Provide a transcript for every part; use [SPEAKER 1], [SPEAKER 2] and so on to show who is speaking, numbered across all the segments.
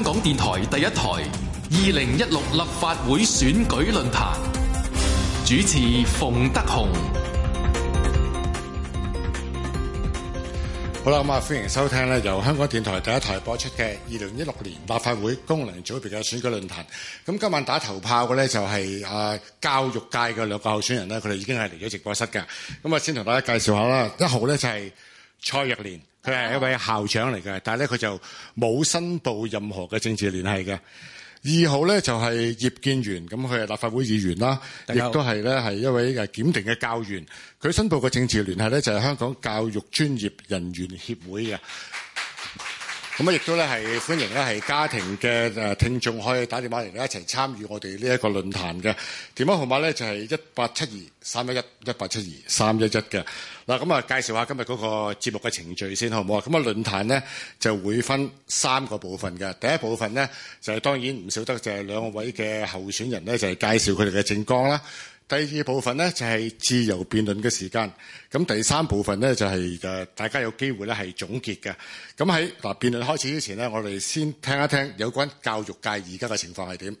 [SPEAKER 1] 香港電台第一台二零一六立法會選舉論壇，主持馮德雄，
[SPEAKER 2] 好啦咁啊，歡迎收聽咧，由香港電台第一台播出嘅二零一六年立法會功能組別嘅選舉論壇。咁今晚打頭炮嘅咧就係、是、啊教育界嘅兩個候選人咧，佢哋已經係嚟咗直播室嘅。咁啊，先同大家介紹下啦。一號咧就係、是、蔡若蓮。佢係一位校長嚟嘅，但係咧佢就冇申報任何嘅政治聯繫嘅。二號咧就係葉建源，咁佢係立法會議員啦，亦都係咧係一位誒檢定嘅教員。佢申報嘅政治聯繫咧就係香港教育專業人員協會嘅。咁啊，亦都咧係歡迎咧係家庭嘅誒、呃、聽眾可以打電話嚟一齊參與我哋呢、就是、一個論壇嘅電話號碼咧就係一八七二三一一一八七二三一一嘅嗱，咁啊介紹下今日嗰個節目嘅程序先好唔好啊？咁啊論壇咧就會分三個部分嘅，第一部分咧就係、是、當然唔少得就係兩個位嘅候選人咧就係、是、介紹佢哋嘅政綱啦。第二部分呢，就係自由辯論嘅時間，咁第三部分呢，就係誒大家有機會咧係總結嘅。咁喺嗱辯論開始之前呢，我哋先聽一聽有關教育界而家嘅情況係點。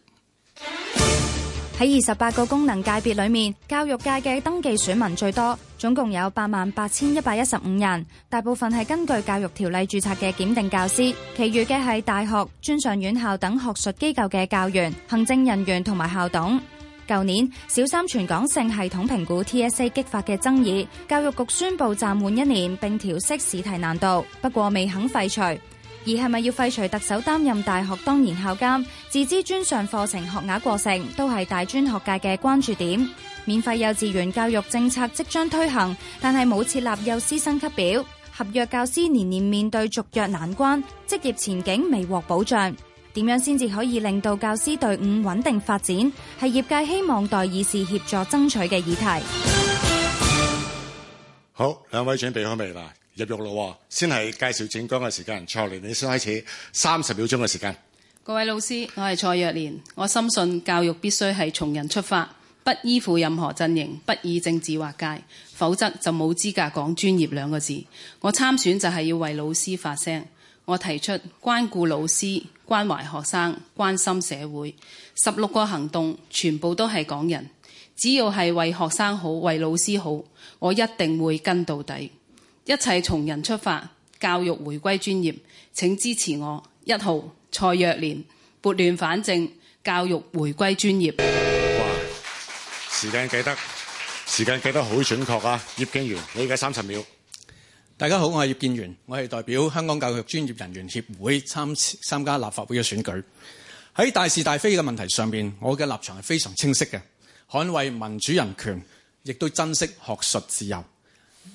[SPEAKER 3] 喺二十八個功能界別裏面，教育界嘅登記選民最多，總共有八萬八千一百一十五人，大部分係根據教育條例註冊嘅檢定教師，其餘嘅係大學、專上院校等學術機構嘅教員、行政人員同埋校董。舊年小三全港性系統評估 TSA 激發嘅爭議，教育局宣布暫緩一年，並調適試題難度，不過未肯廢除。而係咪要廢除特首擔任大學當年校監、自資專上課程學額過剩，都係大專學界嘅關注點。免費幼稚園教育政策即將推行，但係冇設立幼師升級表，合約教師年年面對續約難關，職業前景未獲保障。點樣先至可以令到教師隊伍穩定發展，係業界希望代議士協助爭取嘅議題。
[SPEAKER 2] 好，兩位準備好未啦？入獄啦，先係介紹政綱嘅時間。蔡若蓮你先開始，三十秒鐘嘅時間。
[SPEAKER 3] 各位老師，我係蔡若蓮，我深信教育必須係從人出發，不依附任何陣營，不以政治劃界，否則就冇資格講專業兩個字。我參選就係要為老師發聲。我提出關顧老師、關懷學生、關心社會，十六個行動全部都係港人，只要係為學生好、為老師好，我一定會跟到底。一切從人出發，教育回歸專業。請支持我，一號蔡若蓮撥亂反正，教育回歸專業。哇！
[SPEAKER 2] 時間計得，時間計得好準確啊！葉建源，你而家三十秒。大家好，我係葉建源，我係代表香港
[SPEAKER 1] 教育專業人員協會參參加立法會嘅選舉。喺大是大非嘅問題上面，我嘅立場係非常清晰嘅，捍衛民主人權，亦都珍惜學術自由。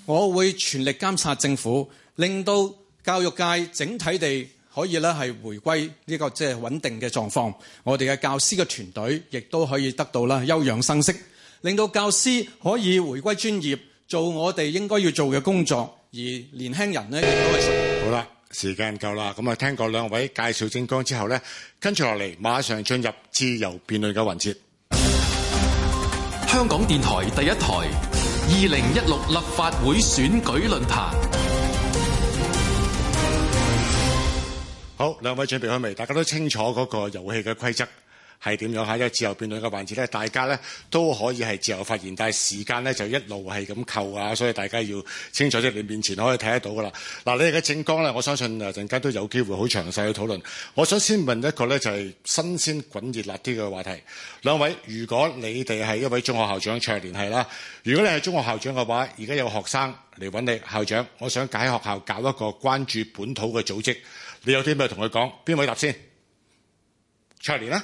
[SPEAKER 1] 我會全力監察政府，令到教育界整體地可以咧係回歸呢個即係穩定嘅狀況。我哋嘅教師嘅團隊亦都可以得到啦休養生息，令到教師可以回歸專業，做我哋應該要做嘅工作。而年輕人呢，亦都係，
[SPEAKER 2] 好啦，時間夠啦，咁啊，聽過兩位介紹政綱之後呢，跟住落嚟，馬上進入自由辯論嘅環節。香港電台第一台二零一六立法會選舉論壇，好，兩位準備好未？大家都清楚嗰個遊戲嘅規則。係點樣喺一個自由辯論嘅環節咧，大家咧都可以係自由發言，但係時間咧就一路係咁扣啊，所以大家要清楚即你面前可以睇得到噶啦。嗱，你哋嘅政綱咧，我相信啊陣間都有機會好詳細去討論。我想先問一個咧，就係新鮮滾熱辣啲嘅話題。兩位，如果你哋係一位中學校長，若蓮係啦，如果你係中學校長嘅話，而家有學生嚟揾你校長，我想喺學校搞一個關注本土嘅組織，你有啲咩同佢講？邊位答先？若蓮啦。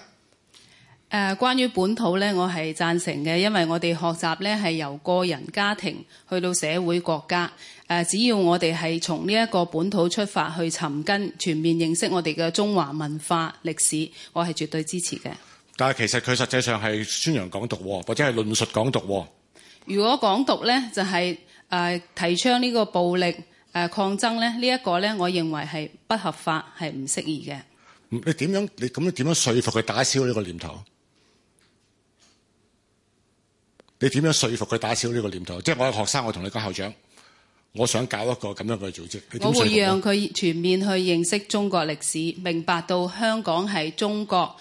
[SPEAKER 3] 誒，關於本土呢，我係贊成嘅，因為我哋學習呢係由個人家庭去到社會國家。誒，只要我哋係從呢一個本土出發去尋根，全面認識我哋嘅中華文化歷史，我係絕對支持嘅。
[SPEAKER 2] 但係其實佢實際上係宣揚港獨，或者係論述港獨。
[SPEAKER 3] 如果港獨呢，就係誒提倡呢個暴力、呃、抗爭呢、呢一個呢，我認為係不合法，係唔適宜嘅。
[SPEAKER 2] 你點樣？你咁樣點樣説服佢打消呢個念頭？你點樣說服佢打消呢個念頭？即係我係學生，我同你講，校長，我想搞一個咁樣嘅組織，你點算啊？我會讓
[SPEAKER 3] 佢全面去認識中國歷史，明白到香港係中國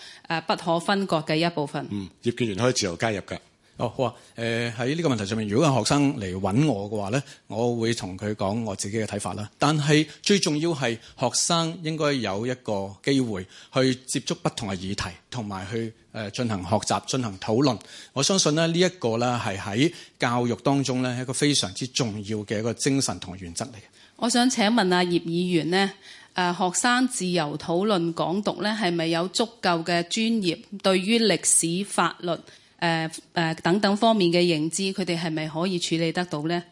[SPEAKER 3] 不可分割嘅一部分。
[SPEAKER 1] 嗯，葉建源可以自由加入㗎。哦，好啊。誒、呃，喺呢個問題上面，如果有學生嚟揾我嘅話呢，我會同佢講我自己嘅睇法啦。但係最重要係學生應該有一個機會去接觸不同嘅議題，同埋去誒、呃、進行學習、進行討論。我相信咧，呢、呢一個咧係喺教育當中呢咧一個非常之重要嘅一個精神同原則嚟嘅。
[SPEAKER 3] 我想請問啊，葉議員呢，誒、呃、學生自由討論港獨呢係咪有足夠嘅專業對於歷史、法律？誒誒等等方面嘅認知，佢哋係咪可以處理得到呢？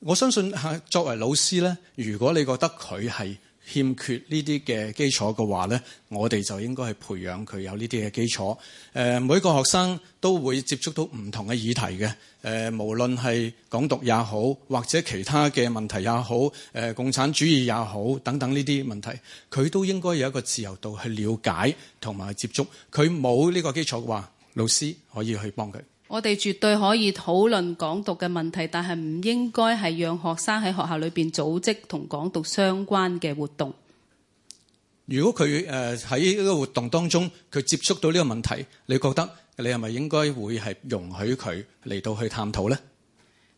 [SPEAKER 1] 我相信嚇，作為老師呢，如果你覺得佢係欠缺呢啲嘅基礎嘅話呢，我哋就應該係培養佢有呢啲嘅基礎。誒，每個學生都會接觸到唔同嘅議題嘅。誒，無論係港獨也好，或者其他嘅問題也好，誒共產主義也好，等等呢啲問題，佢都應該有一個自由度去了解同埋接觸。佢冇呢個基礎嘅話，老師可以去幫佢。
[SPEAKER 3] 我哋絕對可以討論港獨嘅問題，但係唔應該係讓學生喺學校裏邊組織同港獨相關嘅活動。
[SPEAKER 1] 如果佢誒喺呢個活動當中，佢接觸到呢個問題，你覺得你係咪應該會係容許佢嚟到去探討呢？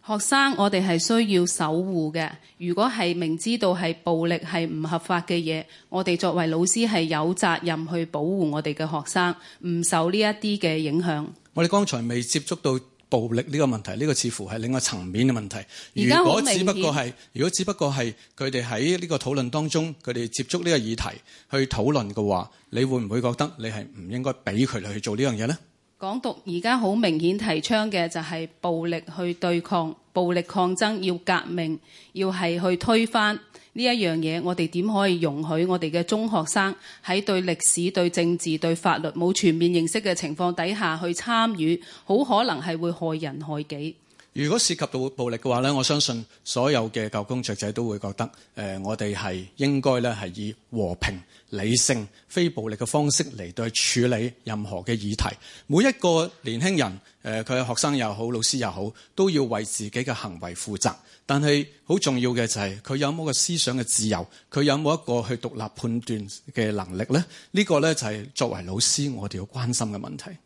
[SPEAKER 3] 學生，我哋係需要守護嘅。如果係明知道係暴力係唔合法嘅嘢，我哋作為老師係有責任去保護我哋嘅學生，唔受呢一啲嘅影響。
[SPEAKER 1] 我哋剛才未接觸到暴力呢個問題，呢個似乎係另外層面嘅問題。如果只不過係，如果只不過係佢哋喺呢個討論當中，佢哋接觸呢個議題去討論嘅話，你會唔會覺得你係唔應該俾佢哋去做呢樣嘢呢？
[SPEAKER 3] 港獨而家好明顯提倡嘅就係暴力去對抗、暴力抗爭，要革命，要係去推翻呢一樣嘢。我哋點可以容許我哋嘅中學生喺對歷史、對政治、對法律冇全面認識嘅情況底下去參與？好可能係會害人害己。
[SPEAKER 1] 如果涉及到暴力嘅話咧，我相信所有嘅教工作者都會覺得，誒、呃，我哋係應該咧係以和平、理性、非暴力嘅方式嚟到處理任何嘅議題，每一個年輕人，誒、呃，佢學生又好，老師又好，都要為自己嘅行為負責。但係好重要嘅就係佢有冇個思想嘅自由，佢有冇一個去獨立判斷嘅能力咧？呢、這個咧就係作為老師我哋要關心嘅問題。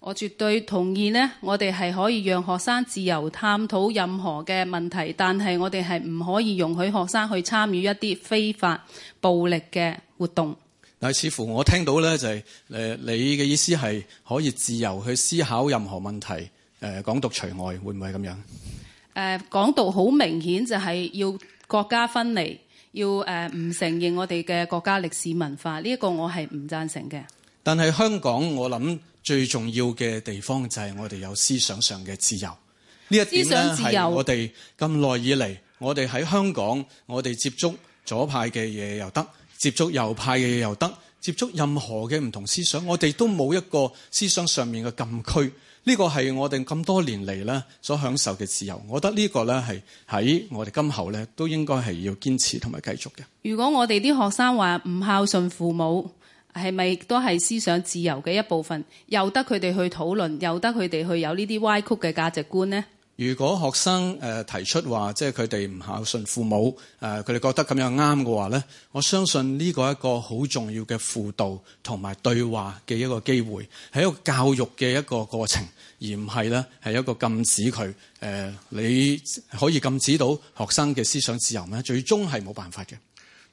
[SPEAKER 3] 我絕對同意呢。我哋係可以讓學生自由探討任何嘅問題，但係我哋係唔可以容許學生去參與一啲非法暴力嘅活動。
[SPEAKER 1] 但係似乎我聽到呢，就係誒，你嘅意思係可以自由去思考任何問題，誒，港獨除外，會唔會咁樣？
[SPEAKER 3] 誒、呃，港獨好明顯就係要國家分離，要誒唔承認我哋嘅國家歷史文化，呢一個我係唔讚成嘅。
[SPEAKER 1] 但係香，香港，我諗最重要嘅地方就係我哋有思想上嘅自由。
[SPEAKER 3] 呢一點，思想自由，我哋
[SPEAKER 1] 咁耐以嚟，我哋喺香港，我哋接觸左派嘅嘢又得，接觸右派嘅嘢又得，接觸任何嘅唔同思想，我哋都冇一個思想上面嘅禁區。呢、這個係我哋咁多年嚟呢所享受嘅自由。我覺得呢個呢係喺我哋今後呢都應該係要堅持同埋繼續嘅。
[SPEAKER 3] 如果我哋啲學生話唔孝順父母，係咪都係思想自由嘅一部分？由得佢哋去討論，由得佢哋去有呢啲歪曲嘅價值觀呢？
[SPEAKER 1] 如果學生、呃、提出話，即係佢哋唔孝順父母，誒佢哋覺得咁樣啱嘅話咧，我相信呢個一個好重要嘅輔導同埋對話嘅一個機會，係一個教育嘅一個過程，而唔係咧係一個禁止佢誒、呃，你可以禁止到學生嘅思想自由咩？最終係冇辦法嘅。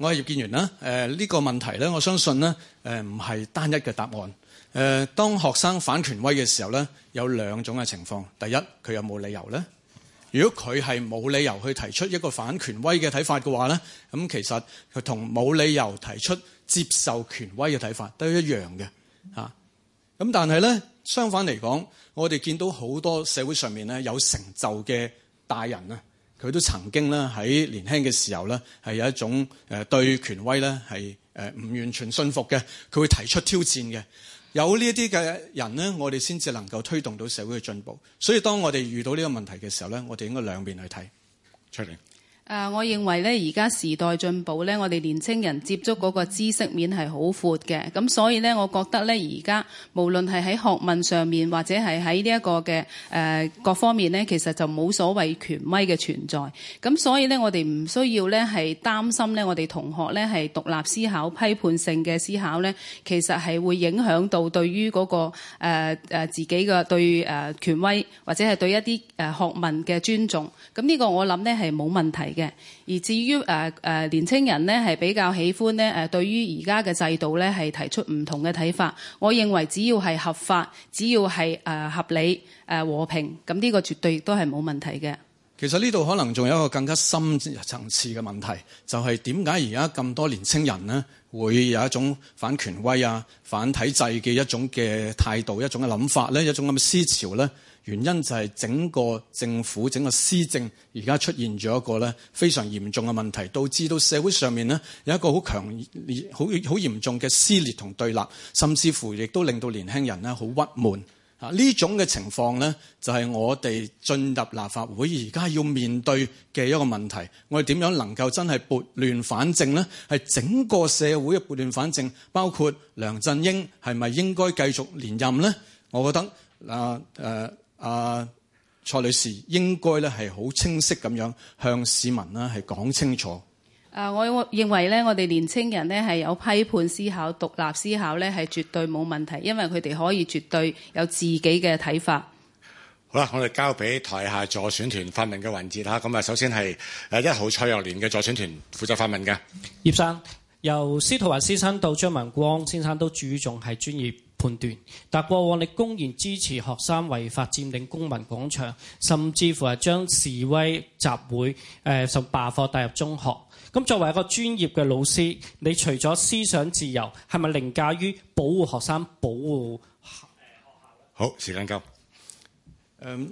[SPEAKER 1] 我係葉建源啦，誒、這、呢個問題呢，我相信呢，誒唔係單一嘅答案。誒當學生反權威嘅時候呢，有兩種嘅情況。第一，佢有冇理由呢？如果佢係冇理由去提出一個反權威嘅睇法嘅話呢，咁其實佢同冇理由提出接受權威嘅睇法都一樣嘅嚇。咁但係呢，相反嚟講，我哋見到好多社會上面呢，有成就嘅大人。佢都曾經咧喺年輕嘅時候咧，係有一種誒對權威咧係誒唔完全信服嘅，佢會提出挑戰嘅。有呢一啲嘅人咧，我哋先至能夠推動到社會嘅進步。所以當我哋遇到呢個問題嘅時候咧，我哋應該兩邊去睇。出嚟
[SPEAKER 3] 啊，我認為咧，而家時代進步咧，我哋年青人接觸嗰個知識面係好闊嘅，咁所以咧，我覺得咧，而家無論係喺學問上面，或者係喺呢一個嘅誒各方面咧，其實就冇所謂權威嘅存在，咁所以咧，我哋唔需要咧係擔心咧，我哋同學咧係獨立思考、批判性嘅思考咧，其實係會影響到對於嗰、那個誒、呃、自己嘅對誒權威或者係對一啲誒學問嘅尊重，咁、這、呢個我諗咧係冇問題嘅。而至於誒誒年青人呢，係比較喜歡咧誒、啊，對於而家嘅制度呢，係提出唔同嘅睇法。我認為只要係合法，只要係誒、啊、合理、誒、啊、和平，咁呢個絕對都係冇問題嘅。
[SPEAKER 2] 其
[SPEAKER 1] 實呢度可能仲有一個更加深層次嘅問題，就係點解而家咁多年青人呢，會有一種反權威啊、反體制嘅一種嘅態度、一種嘅諗法咧，一種咁嘅思潮呢？原因就係整個政府整個施政而家出現咗一個咧非常嚴重嘅問題，導致到社會上面咧有一個好強烈、好好嚴重嘅撕裂同對立，甚至乎亦都令到年輕人咧好鬱悶。啊，這種情況呢種嘅情況咧就係、是、我哋進入立法會而家要面對嘅一個問題。我哋點樣能夠真係撥亂反正咧？係整個社會嘅撥亂反正，包括梁振英係咪應該繼續連任咧？我覺得啊、呃啊，uh, 蔡女士應該咧係好清晰咁樣向市民啦係講清楚。
[SPEAKER 3] 啊，uh, 我認為咧，我哋年青人咧係有批判思考、獨立思考咧係絕對冇問題，因為佢哋可以絕對有自己嘅睇法。
[SPEAKER 2] 好啦，我哋交俾台下助選團發問嘅環節嚇。咁啊，首先係誒一號蔡若蓮嘅助選團負責發問嘅。葉生，
[SPEAKER 1] 由司徒華先生到張文光先生都注重係專業。判斷，但過往你公然支持學生違法佔領公民廣場，甚至乎係將示威集會誒受罷課帶入中學。咁作為一個專業嘅老師，你除咗思想自由，係咪凌駕於保護學生、保護學校？
[SPEAKER 2] 好，時間夠。
[SPEAKER 1] 誒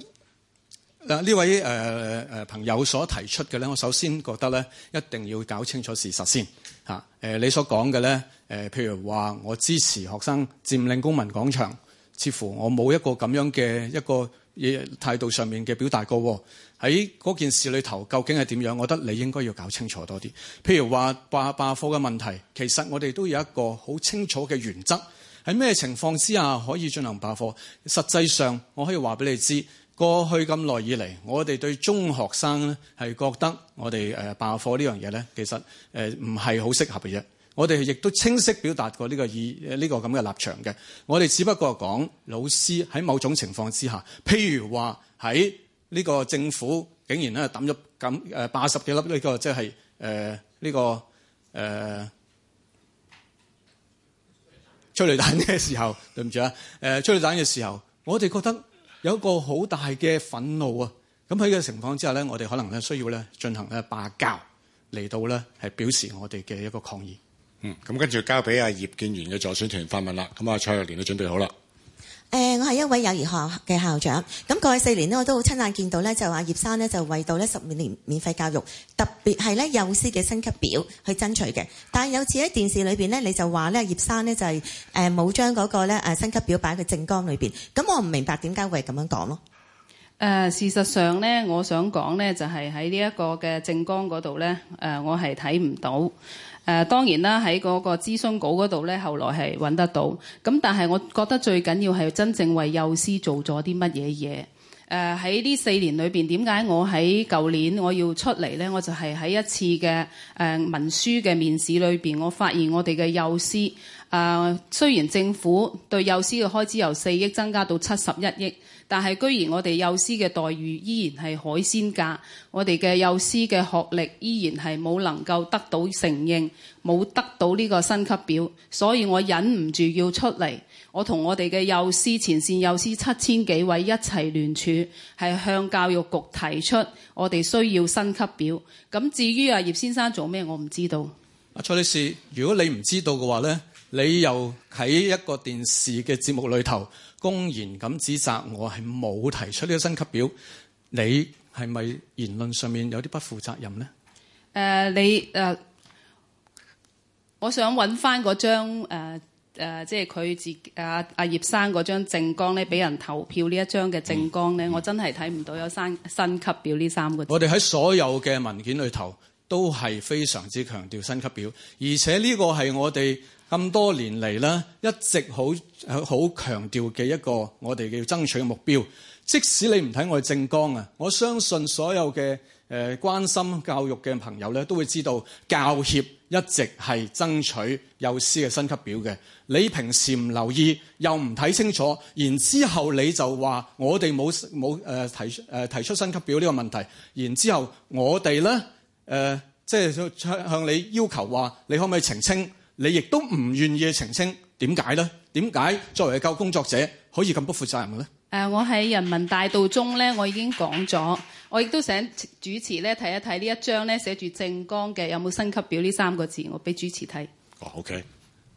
[SPEAKER 1] 嗱、呃，呢位誒誒、呃呃、朋友所提出嘅咧，我首先覺得咧，一定要搞清楚事實先嚇。誒、呃，你所講嘅咧。誒，譬如話我支持學生佔領公民廣場，似乎我冇一個咁樣嘅一個嘢態度上面嘅表達過喺嗰件事裏頭，究竟係點樣？我覺得你應該要搞清楚多啲。譬如話罷罷課嘅問題，其實我哋都有一個好清楚嘅原則，喺咩情況之下可以進行罷課。實際上，我可以話俾你知，過去咁耐以嚟，我哋對中學生咧係覺得我哋誒罷課呢樣嘢呢，其實誒唔係好適合嘅啫。我哋亦都清晰表達過呢個意呢個咁嘅立場嘅。我哋只不過講老師喺某種情況之下，譬如話喺呢個政府竟然咧抌咗咁誒八十幾粒呢個即係誒呢個誒催淚彈嘅時候，對唔住啊！誒催淚彈嘅時候，我哋覺得有一個好大嘅憤怒啊！咁喺呢個情況之下咧，我哋可能咧需要咧進行咧罷教嚟到咧係表示我哋嘅一個抗議。
[SPEAKER 2] 嗯，咁跟住交俾阿葉建源嘅助選團發問啦。咁啊，蔡若蓮都準備好啦。
[SPEAKER 1] 誒、呃，我係一位友誼學校嘅校長。咁過去四年呢我都好親眼見到咧，就話葉生呢就為到呢十五年免費教育，特別係咧幼師嘅薪級表去爭取嘅。但係有次
[SPEAKER 3] 喺電視裏邊呢你就話咧葉生呢就係誒冇將嗰個咧誒薪級表擺喺個政綱裏邊。咁我唔明白點解會係咁樣講咯？誒、呃，事實上咧，我想講咧就係喺呢一個嘅政綱嗰度咧，誒、呃，我係睇唔到。誒、啊、當然啦，喺嗰個諮詢稿嗰度呢，後來係揾得到。咁但係我覺得最緊要係真正為幼師做咗啲乜嘢嘢。誒喺呢四年裏邊，點解我喺舊年我要出嚟呢？我就係喺一次嘅誒、呃、文書嘅面試裏面，我發現我哋嘅幼師誒、呃、雖然政府對幼師嘅開支由四億增加到七十一億，但係居然我哋幼師嘅待遇依然係海鮮價，我哋嘅幼師嘅學歷依然係冇能夠得到承認，冇得到呢個薪級表，所以我忍唔住要出嚟。我同我哋嘅幼師前線幼師七千幾位一齊聯署，係向教育局提出我哋需要薪級表。咁至於阿葉先生做咩，我唔知道。
[SPEAKER 1] 阿蔡女士，如果你唔知道嘅話咧，你又喺一個電視嘅節目裏頭公然咁指責我係冇提出呢個薪級表，你係咪言論上面有啲不負責任咧？
[SPEAKER 3] 誒、呃，你誒、呃，我想揾翻嗰張、呃誒、呃，即係佢自己啊、啊、葉生嗰張政綱咧，俾人投票呢一張嘅政綱咧，嗯嗯、我真係睇唔到有新新級表呢三個字。我哋
[SPEAKER 1] 喺所有嘅文件裏頭都係非常之強調新級表，而且呢個係我哋咁多年嚟啦一直好好強調嘅一個我哋嘅爭取嘅目標。即使你唔睇我嘅政綱啊，我相信所有嘅。誒，關心教育嘅朋友咧，都會知道教協一直係爭取幼師嘅薪級表嘅。你平時唔留意，又唔睇清楚，然之後你就話我哋冇冇誒提誒提出薪級表呢個問題。然之後我哋咧誒即係向你要求話，你可唔可以澄清？你亦都唔願意澄清，點解咧？點解作為教工作者可以咁不負責任呢？咧？
[SPEAKER 3] 誒，uh, 我喺人民大道中咧，我已經講咗，我亦都想主持咧睇一睇呢一張咧寫住政綱嘅有冇升級表呢三個字，我俾主持睇。
[SPEAKER 1] 哦、oh，OK、uh。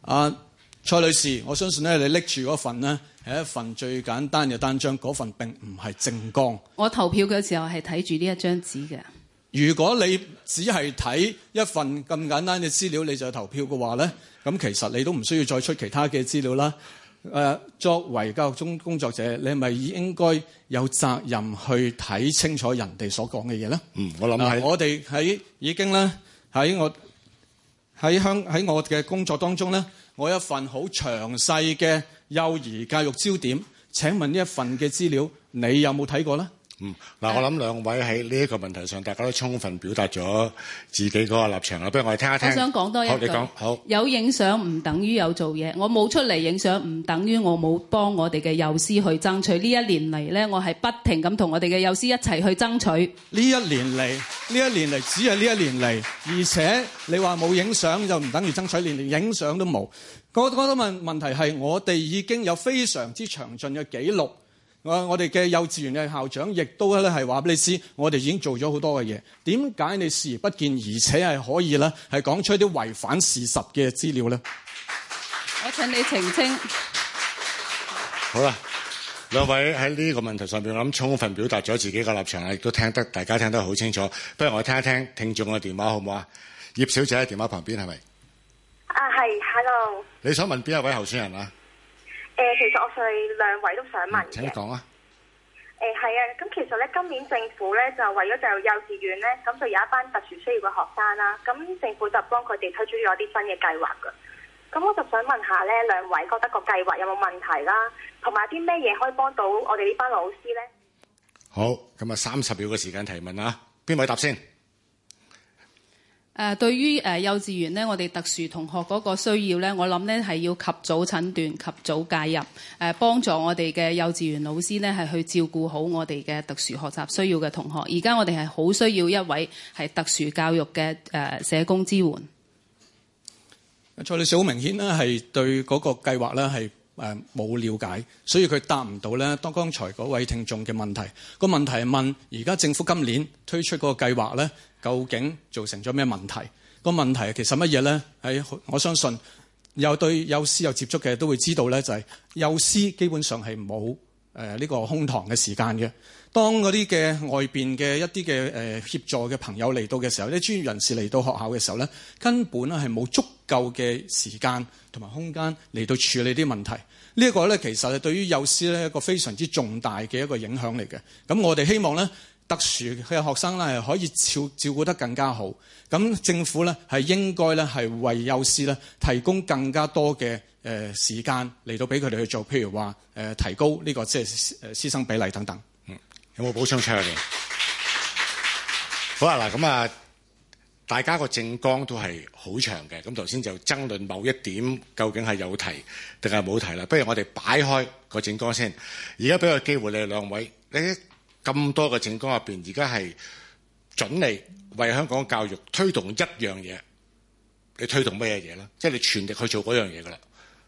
[SPEAKER 1] 阿蔡女士，我相信咧你拎住嗰份呢，係一份最簡單嘅單張，嗰份並唔係政綱。
[SPEAKER 3] 我投票嘅時候係睇住呢一張紙嘅。
[SPEAKER 1] 如果你只係睇一份咁簡單嘅資料，你就投票嘅話咧，咁其實你都唔需要再出其他嘅資料啦。誒，作為教育中工作者，你係咪應該有責任去睇清楚人哋所講嘅嘢咧？嗯，我諗係我哋喺已經咧喺我喺香喺我嘅工作當中咧，我有一份好詳細嘅幼兒教育焦點。
[SPEAKER 2] 請問呢一份嘅資料，你有冇睇過咧？嗯，嗱，我諗兩位喺呢一個問題上，大家都充分表達咗自己嗰個立場啦。不如我哋聽一聽。我想講多一句，你講好。
[SPEAKER 3] 有影相唔等於有做嘢，我冇出嚟影相唔等於我冇幫我哋嘅幼師去爭取。呢一年嚟咧，我係不停咁同我哋嘅幼師一齊去爭取。
[SPEAKER 1] 呢一年嚟，呢一年嚟，只係呢一年嚟。而且你話冇影相就唔等於爭取，連影相都冇。個個都問問題係我哋已經有非常之詳盡嘅記錄。我哋嘅幼稚園嘅校長亦都咧係話俾你知，我哋已經做咗好多嘅嘢，點解你視而不見，而且係可以咧，係講出一啲違反事實嘅
[SPEAKER 2] 資料咧？
[SPEAKER 3] 我請你澄清。
[SPEAKER 2] 好啦，兩位喺呢個問題上邊諗充分表達咗自己嘅立場啦，亦都聽得大家聽得好清楚。不如我聽一聽聽眾嘅電話好唔好啊？葉小姐喺電話旁邊係咪？是不
[SPEAKER 3] 是啊係，hello。
[SPEAKER 2] 是你想問邊一位候選人啊？
[SPEAKER 3] 誒，其實我係兩位都想問嘅。請你講啊！誒、嗯，係啊，咁其實咧，今年政府咧就為咗就幼稚園咧，咁就有一班特殊需要嘅學生啦，咁政府就幫佢哋推出咗啲新嘅計劃噶。咁我就想問一下咧，兩位覺得個計劃有冇問題啦，啊？同埋啲咩嘢可以幫到我哋呢班老師咧？
[SPEAKER 2] 好，咁啊，三十秒嘅時間提問啊，邊位答先？
[SPEAKER 3] 誒，對於誒幼稚園呢，我哋特殊同學嗰個需要呢，我諗呢係要及早診斷、及早介入，誒幫助我哋嘅幼稚園老師呢，係去照顧好我哋嘅特殊學習需要嘅同學。而家我哋係好需要一位係特殊教育嘅誒社工支援。
[SPEAKER 1] 蔡女士好明顯呢係對嗰個計劃呢係。誒冇了解，所以佢答唔到咧。當剛才嗰位聽眾嘅問題，個問題係問而家政府今年推出嗰個計劃咧，究竟造成咗咩問題？個問題其實乜嘢咧？喺我相信對有對幼師有接觸嘅都會知道咧，就係幼師基本上係冇誒呢個空堂嘅時間嘅。當嗰啲嘅外邊嘅一啲嘅誒協助嘅朋友嚟到嘅時候，啲專業人士嚟到學校嘅時候咧，根本咧係冇足夠嘅時間同埋空間嚟到處理啲問題。呢、這、一個咧其實係對於幼師咧一個非常之重大嘅一個影響嚟嘅。咁我哋希望咧特殊嘅學生咧係可以照照顧得更加好。咁政府咧係應該咧係為幼師咧提供更加多嘅誒時間嚟到俾佢哋去做，譬如話、呃、提高
[SPEAKER 2] 呢個即係師師生比例等等。我補上場嘅。好啊，嗱咁啊，大家個政綱都係好長嘅。咁頭先就爭論某一點究竟係有提定係冇提啦。不如我哋擺開個政綱先。而家俾個機會你哋兩位，你咁多個政綱入邊，而家係準你為香港教育推動一樣嘢，你推動咩嘢嘢咧？即係你全力去做嗰樣嘢噶啦。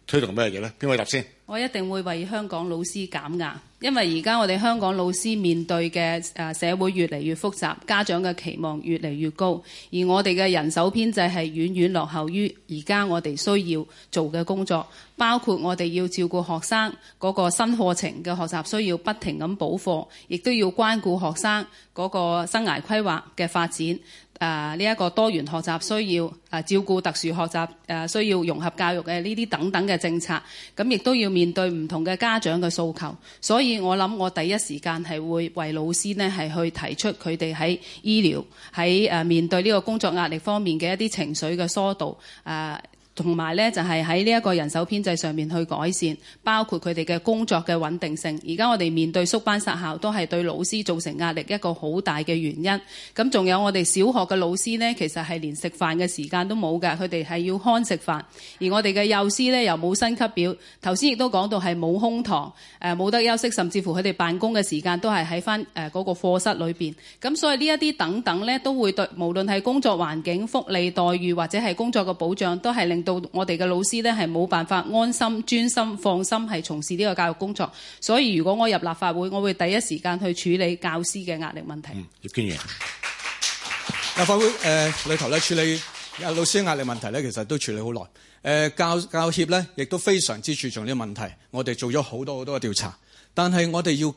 [SPEAKER 2] 推動咩嘢嘢咧？邊位答先？
[SPEAKER 3] 我一定會為香港老師減壓，因為而家我哋香港老師面對嘅社會越嚟越複雜，家長嘅期望越嚟越高，而我哋嘅人手編制係遠遠落後於而家我哋需要做嘅工作，包括我哋要照顧學生嗰個新課程嘅學習需要，不停咁補課，亦都要關顧學生嗰個生涯規劃嘅發展，誒呢一個多元學習需要，啊照顧特殊學習誒需要融合教育嘅呢啲等等嘅政策，咁亦都要。面對唔同嘅家長嘅訴求，所以我諗我第一時間係會為老師咧，係去提出佢哋喺醫療、喺誒面對呢個工作壓力方面嘅一啲情緒嘅疏導啊。呃同埋咧，就係喺呢一個人手編製上面去改善，包括佢哋嘅工作嘅穩定性。而家我哋面對縮班殺校，都係對老師造成壓力一個好大嘅原因。咁仲有我哋小學嘅老師呢，其實係連食飯嘅時間都冇㗎，佢哋係要看食飯，而我哋嘅幼師呢又冇薪級表。頭先亦都講到係冇空堂，誒，冇得休息，甚至乎佢哋辦公嘅時間都係喺翻誒，嗰個課室裏邊。咁所以呢一啲等等呢都會對無論係工作環境、福利待遇，或者係工作嘅保障，都係令。到我哋嘅老師咧係冇辦法安心、專心、放心係從事呢個教育工作，所以如果我入立法會，我會第一時間去處理教師嘅壓力問題。
[SPEAKER 2] 嗯、葉建源，
[SPEAKER 1] 立法會誒、呃、裏頭咧處理老師嘅壓力問題咧，其實都處理好耐。誒、呃、教教協咧亦都非常之注重呢個問題，我哋做咗好多好多嘅調查。但係我哋要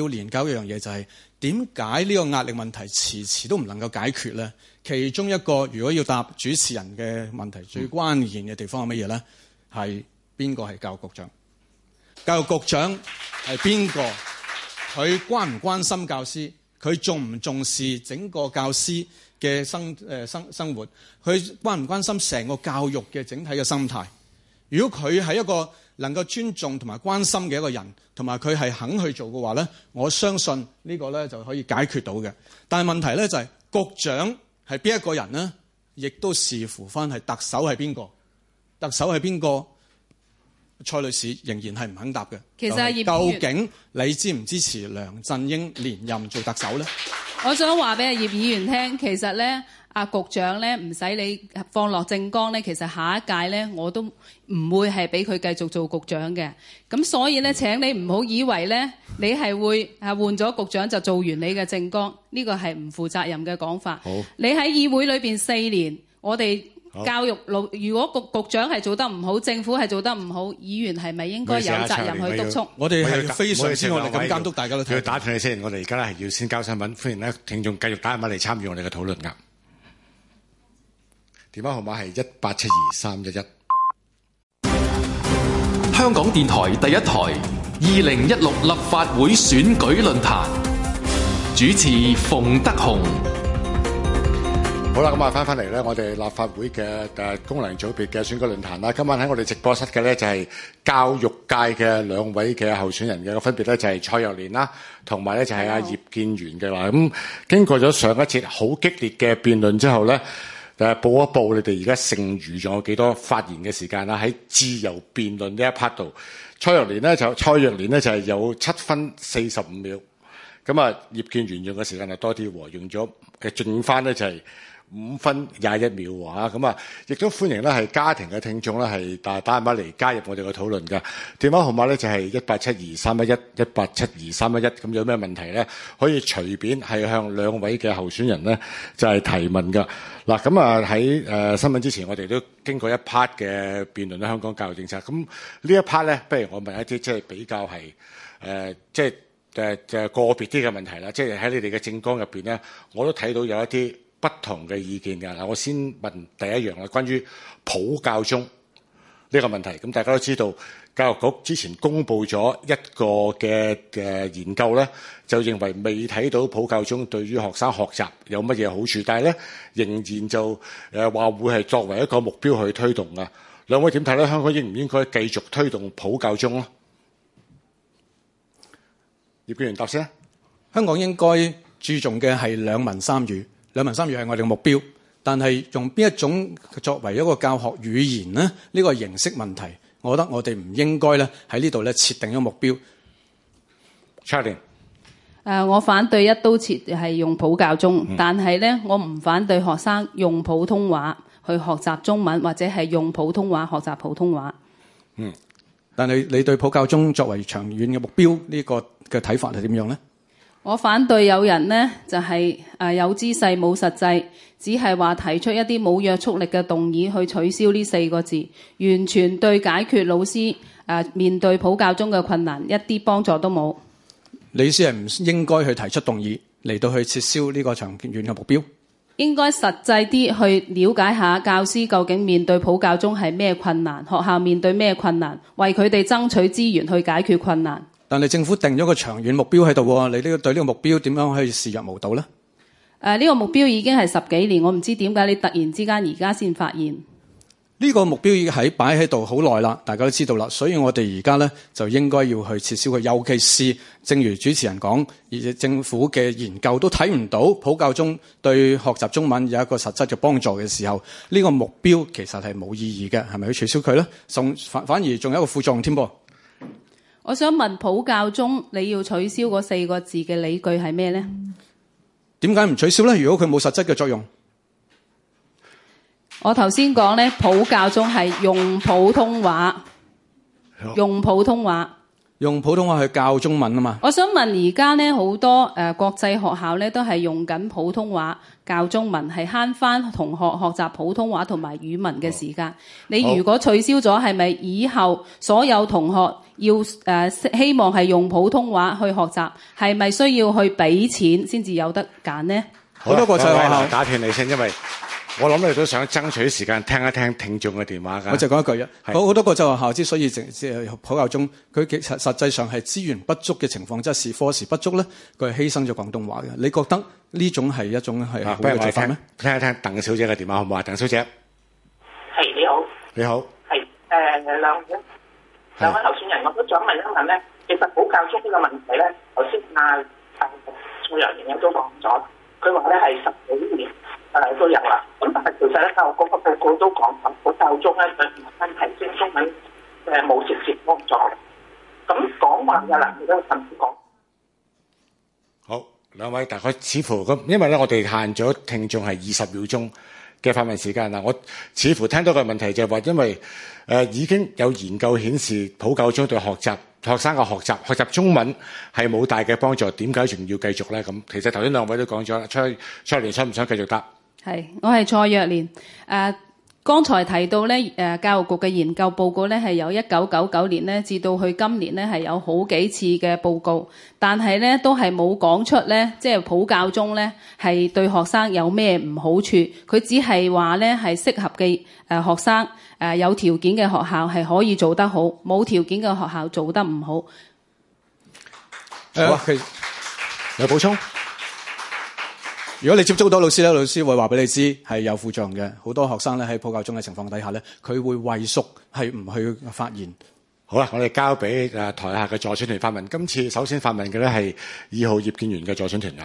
[SPEAKER 1] 要研究一樣嘢，就係，就係點解呢個壓力問題遲遲都唔能夠解決呢？其中一個如果要答主持人嘅問題，最關鍵嘅地方係乜嘢呢？係邊個係教育局長？教育局長係邊個？佢關唔關心教師？佢重唔重視整個教師嘅生誒生、呃、生活？佢關唔關心成個教育嘅整體嘅心態？如果佢係一個能夠尊重同埋關心嘅一個人，同埋佢係肯去做嘅話呢，我相信呢個呢就可以解決到嘅。但係問題、就係、呢，就係局長係邊一個人呢，亦都視乎翻係特首係邊個。特首係邊個？蔡女士仍然係唔肯答嘅。其實，葉議員，究竟你支唔支持梁振英連任做特首呢？
[SPEAKER 3] 我想話俾阿葉議員聽，其實呢。阿局長咧唔使你放落政綱咧，其實下一屆咧我都唔會係俾佢繼續做局長嘅。咁所以咧，請你唔好以為咧，你係會嚇換咗局長就做完你嘅政綱，呢個係唔負責任嘅講法。好，你喺議會裏面四年，我哋教育老，如果局局長係做得唔好，政府係做得唔好，議員係咪應該有責任去督促？我哋係非
[SPEAKER 2] 常之話要打斷你先，我哋而家咧係要先交新聞，歡迎咧聽眾繼續打電話嚟參與我哋嘅討論㗎。電話號碼係一八七二三一一。1 1香港電台第一台二零一六
[SPEAKER 1] 立法會選舉論壇，主持馮德雄。
[SPEAKER 2] 好啦，咁、嗯、啊，翻翻嚟咧，我哋立法會嘅誒、呃、功能組別嘅選舉論壇啦。今晚喺我哋直播室嘅咧就係、是、教育界嘅兩位嘅候選人嘅，分別咧就係、是、蔡若蓮啦，同埋咧就係、是、阿、啊、葉建源嘅啦，咁經過咗上一次好激烈嘅辯論之後咧。誒，但是報一報，你哋而家剩餘咗有幾多發言嘅時間啦、啊？喺自由辯論呢一 part 度，蔡若蓮咧就蔡若蓮咧就係、是、有七分四十五秒，咁啊葉建源用嘅時間多一點就多啲喎，用咗其實剩翻咧就係，五分廿一秒喎，咁啊，亦都歡迎咧，係家庭嘅聽眾咧，係大打電話嚟加入我哋嘅討論㗎。電話號碼咧就係一八七二三一一一八七二三一一。咁，有咩問題咧，可以隨便係向兩位嘅候選人咧就係、是、提問㗎。嗱、啊，咁啊喺誒新聞之前，我哋都經過一 part 嘅辯論咧，香港教育政策。咁呢一 part 咧，不如我問一啲即係比較係誒，即、呃、係就誒、是呃就是、個別啲嘅問題啦。即係喺你哋嘅政綱入邊咧，我都睇到有一啲。不同嘅意見嘅，嗱我先問第一樣啦，關於普教中呢個問題，咁大家都知道教育局之前公布咗一個嘅嘅研究咧，就認為未睇到普教中對於學生學習有乜嘢好處，但係咧仍然就誒話會係作為一個目標去推動嘅。兩位點睇咧？香港應唔應該繼續推動普教中咯？葉建源答先，香港應該注重嘅係兩文三語。
[SPEAKER 1] 兩文三語係我哋嘅目標，但係用邊一種作為一個教學語言呢？呢個形式問題，我覺得我哋唔應該咧喺呢度咧設定一個目標。
[SPEAKER 2] Charlie，ling、
[SPEAKER 3] 呃、我反對一刀切係用普教中，嗯、但係咧我唔反對學生用普通話去學習中文，或者係用普通話學習普通話。
[SPEAKER 1] 嗯，但係你對普教中作為長遠嘅目標、這個、看法是怎樣呢個嘅睇法係點樣咧？
[SPEAKER 3] 我反對有人呢，就係誒有姿勢冇實際，只係話提出一啲冇約束力嘅動議去取消呢四個字，完全對解決老師誒面對普教中嘅困難一啲幫助都冇。
[SPEAKER 1] 你意思係唔應該去提出動議嚟到去撤銷呢個長遠嘅目標？
[SPEAKER 3] 應該實際啲去了解下教師究竟面對普教中係咩困難，學校面對咩困難，為佢哋爭取資源去解決困難。
[SPEAKER 1] 但你政府定咗個長遠目標喺度，你呢個對呢個目標點樣可以視若無睹呢？誒、
[SPEAKER 3] 啊、呢、這個目標已經係十幾年，我唔知點解你突然之間而家先發現。
[SPEAKER 1] 呢個目標已經喺擺喺度好耐啦，大家都知道啦，所以我哋而家呢就應該要去撤銷佢。尤其是正如主持人講，而政府嘅研究都睇唔到普教中對學習中文有一個實質嘅幫助嘅時候，呢、這個目標其實，係冇意義嘅，係咪要取消佢呢？反反而仲有一個副作用添噃。
[SPEAKER 3] 我想問普教中你要取消嗰四個字嘅理據係咩呢？
[SPEAKER 1] 點解唔取消呢？如果佢冇實質嘅作用，
[SPEAKER 3] 我頭先講呢，普教中係用普通話，
[SPEAKER 1] 用普通話，用普通話去教中文啊嘛。我
[SPEAKER 3] 想問而家呢，好多誒國際學校呢都係用緊普通話教中文，係慳返同學學習普通話同埋語文嘅時間。好你如果取消咗，係咪好以後所有同學？要誒希望係用普通話去學習，係咪需要去俾錢先至有得揀呢？好多國際
[SPEAKER 1] 學校，打
[SPEAKER 2] 斷你先，因為我諗你都想爭取啲時間聽一聽聽眾嘅電話㗎。我就講一
[SPEAKER 1] 句好好是多國際學校之所以即淨係普教中，佢其實實際上係資源不足嘅情況，即係時課時不足咧，佢係犧牲咗廣東話嘅。你覺得呢種係一種係好嘅做法
[SPEAKER 2] 咩？聽一聽鄧小姐嘅電話好唔好啊？鄧小姐，係、hey, 你好，
[SPEAKER 1] 你好，係誒兩秒。兩位候選人，我都想問一問咧。其實普教中呢個問題咧，頭先阿阿蔡若蓮也都講咗，佢話咧係十幾年誒都有啦。咁但係其實咧，教育局嘅報告都講緊普教中咧，佢唔
[SPEAKER 2] 分提升中咧，誒冇直接幫助。咁講話㗎啦，而家陳主任講。好，兩位大概似乎咁，因為咧我哋限咗聽眾係二十秒鐘。嘅發問時間嗱，我似乎聽到個問題就係話，因為、呃、已經有研究顯示，普教中對學習學生嘅學習，學習中文係冇大嘅幫助，點解仲要繼續咧？咁其實頭先兩位都講咗啦，蔡蔡想唔想繼續答？
[SPEAKER 3] 係，我係蔡若蓮、uh, 剛才提到呢，教育局嘅研究報告呢，係由1999年呢至到去今年呢，係有好幾次嘅報告，但係呢都係冇講出呢，即係、就是、普教中呢係對學生有咩唔好處，佢只係話呢係適合嘅，誒學生有條件嘅學校係可以做得好，冇條件嘅學校做得唔好。誒，
[SPEAKER 1] 有補充？如果你接觸到老師咧，老師會話俾你知係有副作用嘅。好多學生咧，喺普教中嘅情況底下咧，佢會畏
[SPEAKER 2] 縮，係唔去發言。好啦，我哋交俾誒台下嘅助選團發問。今次首先發問嘅咧係二號葉建源嘅助選團嘅。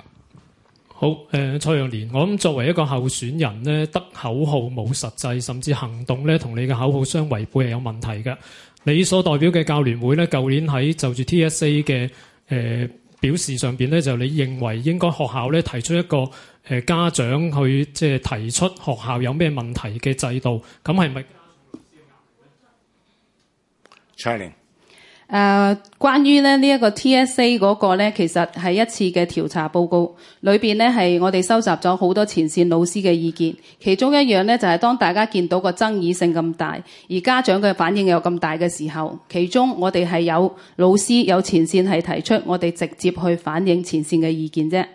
[SPEAKER 1] 好，誒、呃、蔡若蓮，我諗作為一個候選人呢，得口號冇實際，甚至行動咧同你嘅口號相違背係有問題嘅。你所代表嘅教聯會咧，舊年喺就住 TSA 嘅誒，呃表示上邊呢，就你認為應該學校呢提出一個誒家長去即係提出學校有咩問題嘅制度，咁係咪？
[SPEAKER 3] 誒，uh, 關於呢一個 TSA 嗰個呢，其實係一次嘅調查報告，裏面呢，係我哋收集咗好多前線老師嘅意見，其中一樣呢，就係、是、當大家見到個爭議性咁大，而家長嘅反應又咁大嘅時候，其中我哋係有老師有前線係提出，我哋直接去反映前線嘅意見啫。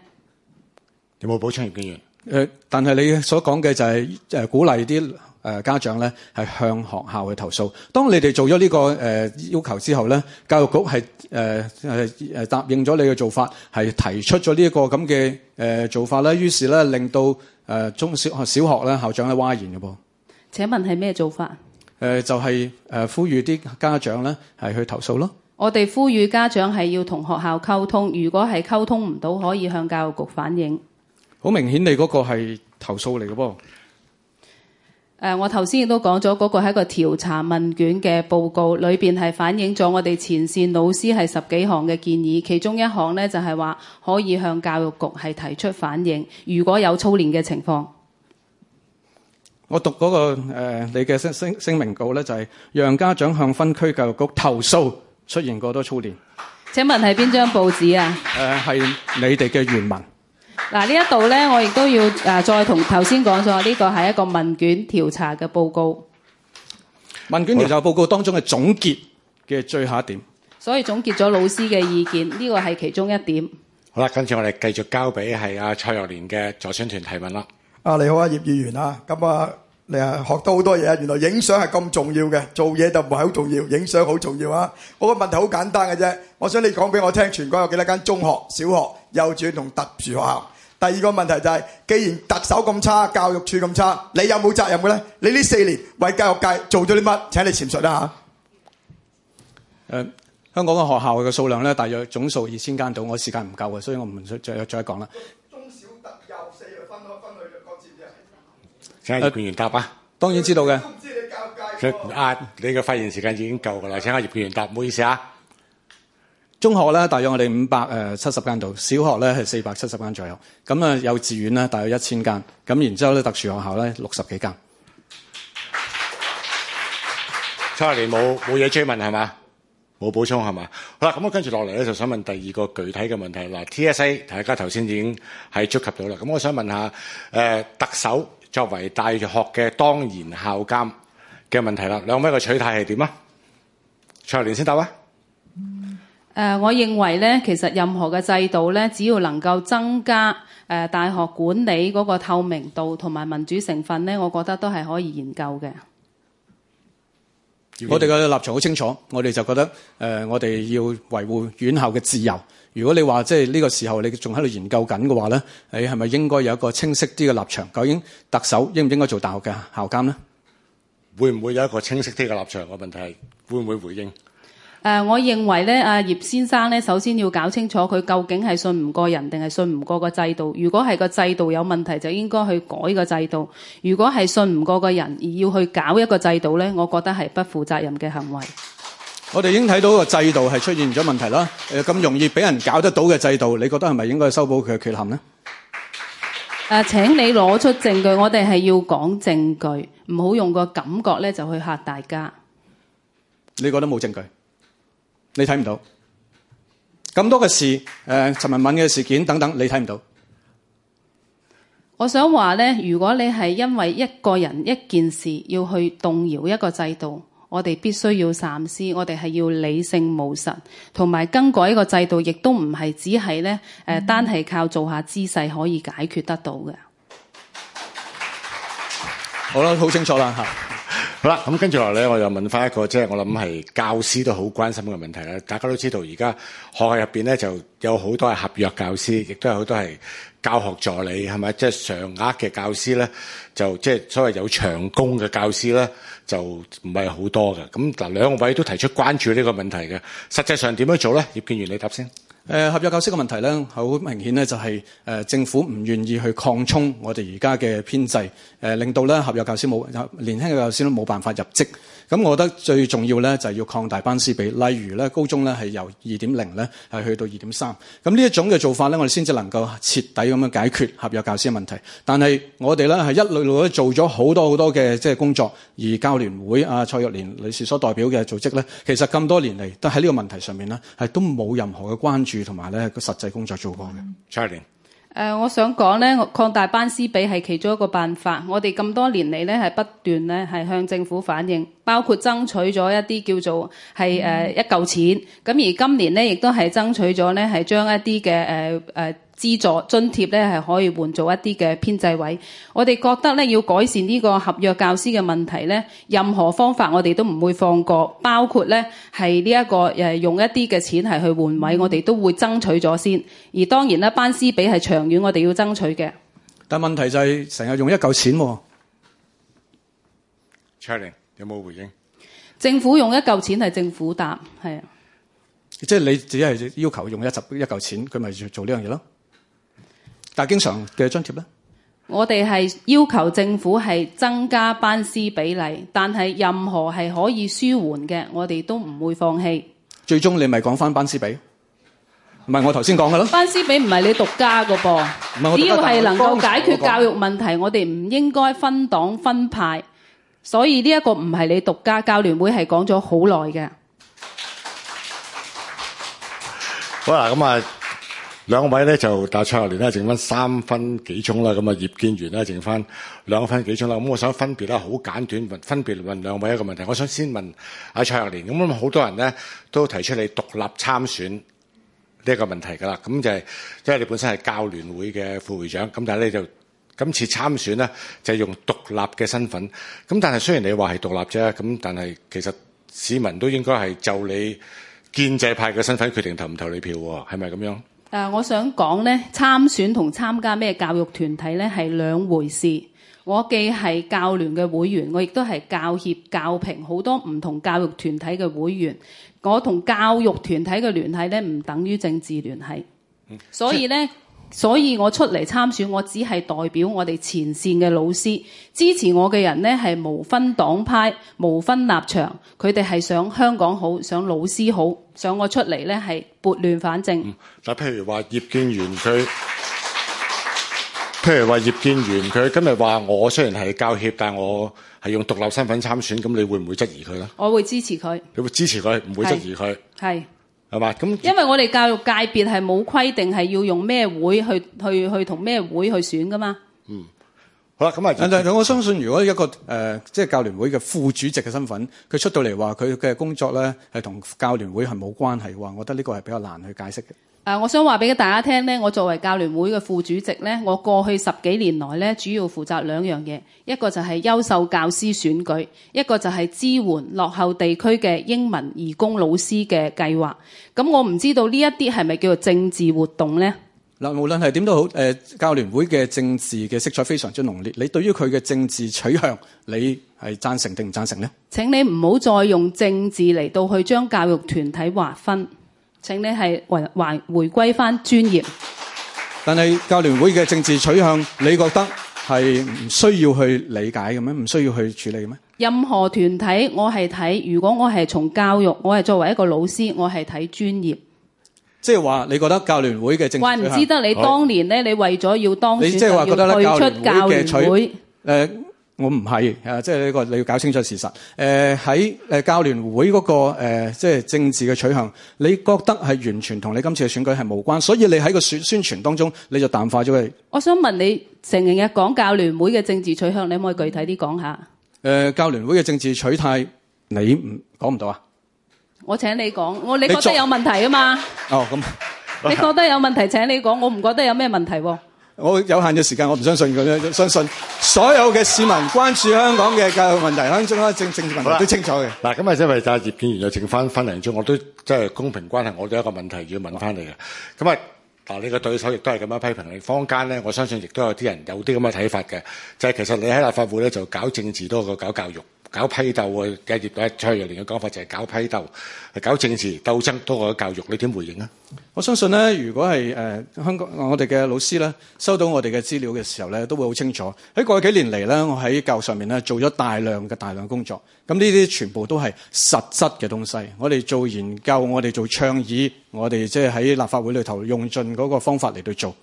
[SPEAKER 3] 你
[SPEAKER 2] 有冇補充，葉建源？
[SPEAKER 1] 誒、呃，但係你所講嘅就係、是、誒、呃、鼓勵啲。誒，家長咧，係向學校去投訴。當你哋做咗呢個誒要求之後咧，教育局係誒誒誒答應咗你嘅做法，係提出咗呢一個咁嘅誒做法咧。於是咧令到誒中小學小學咧校長咧嘩然嘅噃。
[SPEAKER 3] 請問係咩做法？
[SPEAKER 1] 誒，就係誒呼籲啲家長咧係去投訴咯。
[SPEAKER 3] 我哋呼籲家長係要同學校溝通，如果係溝通唔到，可以向教育局反映。
[SPEAKER 1] 好明顯，你嗰個係投訴嚟嘅噃。
[SPEAKER 3] 誒，我頭先亦都講咗嗰個係一個調查問卷嘅報告，裏面，係反映咗我哋前線老師係十幾項嘅建議，其中一行咧就係話可以向教育局係提出反映，如果有操練嘅情況。
[SPEAKER 1] 我讀嗰、嗰個、呃、你嘅聲明稿咧、就是，就係讓家長向分區教育局投訴出現過多操練。
[SPEAKER 3] 請問係邊張報紙啊？
[SPEAKER 1] 誒、呃，係你哋嘅原文。
[SPEAKER 3] 嗱，啊、呢一度咧，我亦都要、啊、再同頭先講咗，呢個係一個問卷調查嘅報告。
[SPEAKER 2] 問卷調查報告當中嘅總結，嘅最後一點。
[SPEAKER 3] 的所以總結咗老師嘅意見，呢個係其中一點。
[SPEAKER 2] 好啦，跟住我哋繼續交俾係阿蔡若蓮嘅助選團提問啦。
[SPEAKER 3] 啊，你好啊，葉議員啊，咁啊。你啊，學到好多嘢，原來影相係咁重要
[SPEAKER 1] 嘅，做嘢就唔係好重要，影相好重要啊！我個問題好簡單嘅啫，我想你講俾我聽，全港有幾多間中學、小學、幼稚園同特殊學校？第二個問題就係，既然特首咁差，教育處咁差，你有冇責任嘅咧？你呢四年為教育界做咗啲乜？請你潛述一下。誒、呃，香港嘅學校嘅數量咧，大約總數二千間到，我時間唔夠嘅，所以我唔再再再講啦。
[SPEAKER 2] 葉建源答啊，當然知道嘅。佢啊，啊，你嘅發言時間已經夠噶啦，請下葉建源答，唔好意思啊。中學咧，大
[SPEAKER 1] 約我哋五百誒七十間度，小學咧係四百七十間左右。咁啊，幼稚園咧大約一千間。咁然之後咧，特殊學校咧六十幾間。
[SPEAKER 2] 卅年冇冇嘢追問係嘛？冇補充係嘛？好啦，咁我跟住落嚟咧，就想問第二個具體嘅問題。嗱，T S A，大家頭先已經喺觸及到啦。咁我想問一下誒、呃、特首，作為大學嘅當然校監嘅問題啦，兩位嘅取態係點啊？若蓮先答啊、嗯呃。
[SPEAKER 3] 我認為呢，其實任何嘅制度呢，只要能夠增加、呃、大學管理嗰個透明度同埋民主成分呢，我覺得都係可以研究嘅。
[SPEAKER 1] 我哋嘅立場好清楚，我哋就覺得，誒、呃，我哋要維護院校嘅自由。如果你話即係呢、呢個時候你仲喺度研究緊嘅話咧，你係咪應該有一個清晰啲嘅立場？究竟特首應唔應該做大學嘅校監咧？會唔會有一個清晰啲
[SPEAKER 2] 嘅立場？我嘅問題係會唔會回應？
[SPEAKER 3] 誒、啊，我認為呢阿、啊、葉先生呢，首先要搞清楚佢究竟係信唔過人，定係信唔過個制度。如果係個制度有問題，就應該去改呢個制度；如果係信唔過個人而要去搞一個制度呢，我覺得係不負責任嘅行為。
[SPEAKER 1] 我哋已經睇到個制度係出現咗問題啦。咁、啊、容易俾人搞得到嘅制度，你覺得係咪應該修補佢嘅缺陷呢？
[SPEAKER 3] 誒、啊，請你攞出證據，我哋係要講證據，唔好用個感覺咧就去嚇大家。
[SPEAKER 1] 你覺得冇證據？你睇唔到咁多嘅事，誒陳文敏嘅事件等等，你睇唔到。
[SPEAKER 3] 我想話呢，如果你係因為一個人一件事要去動搖一個制度，我哋必須要三思，我哋係要理性務實，同埋更改一個制度，亦都唔係只係呢，誒、呃、單係靠做下姿勢可以解決得到嘅。
[SPEAKER 2] 好啦，好清楚啦嚇。好啦，咁跟住落嚟，我又問翻一個即係我諗係教師都好關心嘅問題啦。大家都知道而家學校入面咧，就有好多係合約教師，亦都有好多係教學助理，係咪？即係上額嘅教師咧，就即係所謂有長工嘅教師咧，就唔係好多嘅。咁嗱，兩個位都提出關注呢個問題嘅，實際上點樣做咧？葉建源，你答先。
[SPEAKER 1] 誒、呃、合約教師嘅問題咧，好明顯咧就係、是、誒、呃、政府唔願意去擴充我哋而家嘅編制，誒、呃、令到咧合約教師冇年輕嘅教師都冇辦法入職。咁我覺得最重要咧就係、是、要擴大班師比，例如咧高中咧係由二點零咧係去到二點三。咁呢一種嘅做法咧，我哋先至能夠徹底咁樣解決合約教師嘅問題。但係我哋咧係一路都做咗好多好多嘅即係工作，而教聯會啊蔡若蓮女士所代表嘅組織咧，其實咁多年嚟都喺呢個問題上面咧係都冇任何嘅關注。住同埋咧個實際工作做過嘅，蔡若蓮。誒 Char ling?、
[SPEAKER 3] 呃，我想講咧，擴大班師比係其中一個辦法。我哋咁多年嚟咧，係不斷咧係向政府反映，包括爭取咗一啲叫做係誒、嗯、一嚿錢。咁而今年咧，亦都係爭取咗咧係將一啲嘅誒誒。呃資助津貼咧係可以換做一啲嘅編制位，我哋覺得咧要改善呢個合約教師嘅問題咧，任何方法我哋都唔會放過，包括咧係呢一個用一啲嘅錢係去換位，我哋都會爭取咗先。而當然呢班師比係長遠我哋要爭取嘅。
[SPEAKER 1] 但問題就係成日用一嚿錢喎，啊，Charlie 有冇回應？
[SPEAKER 3] 政府用一嚿錢係政府答係
[SPEAKER 1] 啊，即係你只係要求用一集一嚿錢，佢咪做呢樣嘢咯？但係經常嘅津貼咧，
[SPEAKER 3] 我哋係要求政府係增加班師比例，但係任何係可以舒緩嘅，我哋都唔會放棄。
[SPEAKER 1] 最終你咪講翻班師比，唔係我頭先講嘅咯。
[SPEAKER 3] 班師比唔係你獨家㗎噃，
[SPEAKER 1] 只要係能夠解決教
[SPEAKER 3] 育問題，那個、我哋唔應該分黨分派。所以呢一個唔係你獨家，教聯會係講咗好耐嘅。
[SPEAKER 2] 好啦，咁啊。兩位咧就，但蔡若蓮咧剩翻三分幾鐘啦。咁啊葉建源咧剩翻兩分幾鐘啦。咁我想分別啦，好簡短分別問兩位一個問題。我想先問阿蔡若蓮咁，咁好多人咧都提出你獨立參選呢一個問題㗎啦。咁就係因為你本身係教聯會嘅副會長，咁但係咧就今次參選咧就用獨立嘅身份。咁但係雖然你話係獨立啫，咁但係其實市民都應該係就你建制派嘅身份決定投唔投你票喎？係咪咁樣？
[SPEAKER 3] 誒、呃，我想講呢，參選同參加咩教育團體呢係兩回事。我既係教聯嘅會員，我亦都係教協、教評好多唔同教育團體嘅會員。我同教育團體嘅聯繫呢唔等於政治聯繫，嗯、所以呢。所以我出嚟參選，我只係代表我哋前線嘅老師。支持我嘅人呢係無分黨派、無分立場，佢哋係想香港好、想老師好、想我出嚟呢係撥亂反正。
[SPEAKER 2] 嗱、嗯，譬如話葉建源佢，譬如話葉建源佢今日話我雖然係教協，但我係用獨立身份參選，咁你會唔會質疑佢呢？
[SPEAKER 3] 我會支持佢。
[SPEAKER 2] 你會支持佢，唔會質疑佢。係。係嘛？咁
[SPEAKER 3] 因為我哋教育界別係冇規定係要用咩會去去去同咩會去選噶嘛？嗯，
[SPEAKER 2] 好啦，咁啊，
[SPEAKER 1] 但但我相信，如果一個誒即係教聯會嘅副主席嘅身份，佢出到嚟話佢嘅工作咧係同教聯會係冇關係嘅話，我覺得呢個係比較難去解釋嘅。
[SPEAKER 3] 我想話俾大家聽呢，我作為教聯會嘅副主席呢，我過去十幾年來呢，主要負責兩樣嘢，一個就係優秀教師選舉，一個就係支援落後地區嘅英文義工老師嘅計劃。咁我唔知道呢一啲係咪叫做政治活動呢？
[SPEAKER 1] 嗱，無論係點都好，誒，教聯會嘅政治嘅色彩非常之濃烈。你對於佢嘅政治取向，你係贊成定唔贊成呢？
[SPEAKER 3] 請你唔好再用政治嚟到去將教育團體劃分。請你係還回歸返專業。
[SPEAKER 1] 但係教聯會嘅政治取向，你覺得係唔需要去理解嘅咩？唔需要去處理嘅咩？
[SPEAKER 3] 任何團體，我係睇，如果我係從教育，我係作為一個老師，我係睇專業。
[SPEAKER 1] 即係話，你覺得教聯會嘅政治取向？話唔知得你當
[SPEAKER 3] 年呢，是你為咗要當選，你即係話覺得教聯會嘅
[SPEAKER 1] 取？誒。我唔係，啊，即係呢個你要搞清楚事實。誒喺誒教聯會嗰，那個即係，呃，政治嘅取向，你覺得係完全同你今次嘅選舉係無關，所以你喺個宣宣傳當中你就淡化咗佢。
[SPEAKER 3] 我想問你，成日講教聯會嘅政治取向，你可唔可以具體啲講下？
[SPEAKER 1] 誒，呃，教聯會嘅政治取態，你唔講唔到啊？
[SPEAKER 3] 我請你講，我你覺得有問題啊嘛？
[SPEAKER 1] 哦，咁。 你覺得
[SPEAKER 3] 有問題，請你講。我唔覺得有咩問題喎。
[SPEAKER 1] 我有限嘅時間，我唔相信相信所有嘅市民關注香港嘅教育問題，香港政治問題都清楚嘅。
[SPEAKER 2] 嗱吧，咁啊，即係葉建源，而家剩返分零鐘，我都即係、就是、公平關係，我都有一個問題要問返你嘅。咁咪、啊，你嘅對手亦都係咁樣批評你，坊間呢，我相信亦都有啲人有啲咁嘅睇法嘅，就係、是、其實你喺立法會呢，就搞政治多過搞教育。搞批鬥啊！繼而再蔡若蓮嘅講法就係搞批鬥，搞政治鬥爭，通過教育，你點回應啊？我相信
[SPEAKER 1] 咧，如果係誒香港，我哋嘅老師咧收到我哋嘅資料嘅時候咧，都會好清楚。喺過去幾年嚟咧，我喺教上面咧做咗大量嘅大量工作。咁呢啲全部都係實質嘅東西。我哋做研究，我哋做倡議，我哋即係喺立法會
[SPEAKER 2] 裏頭用盡嗰個方法嚟到做。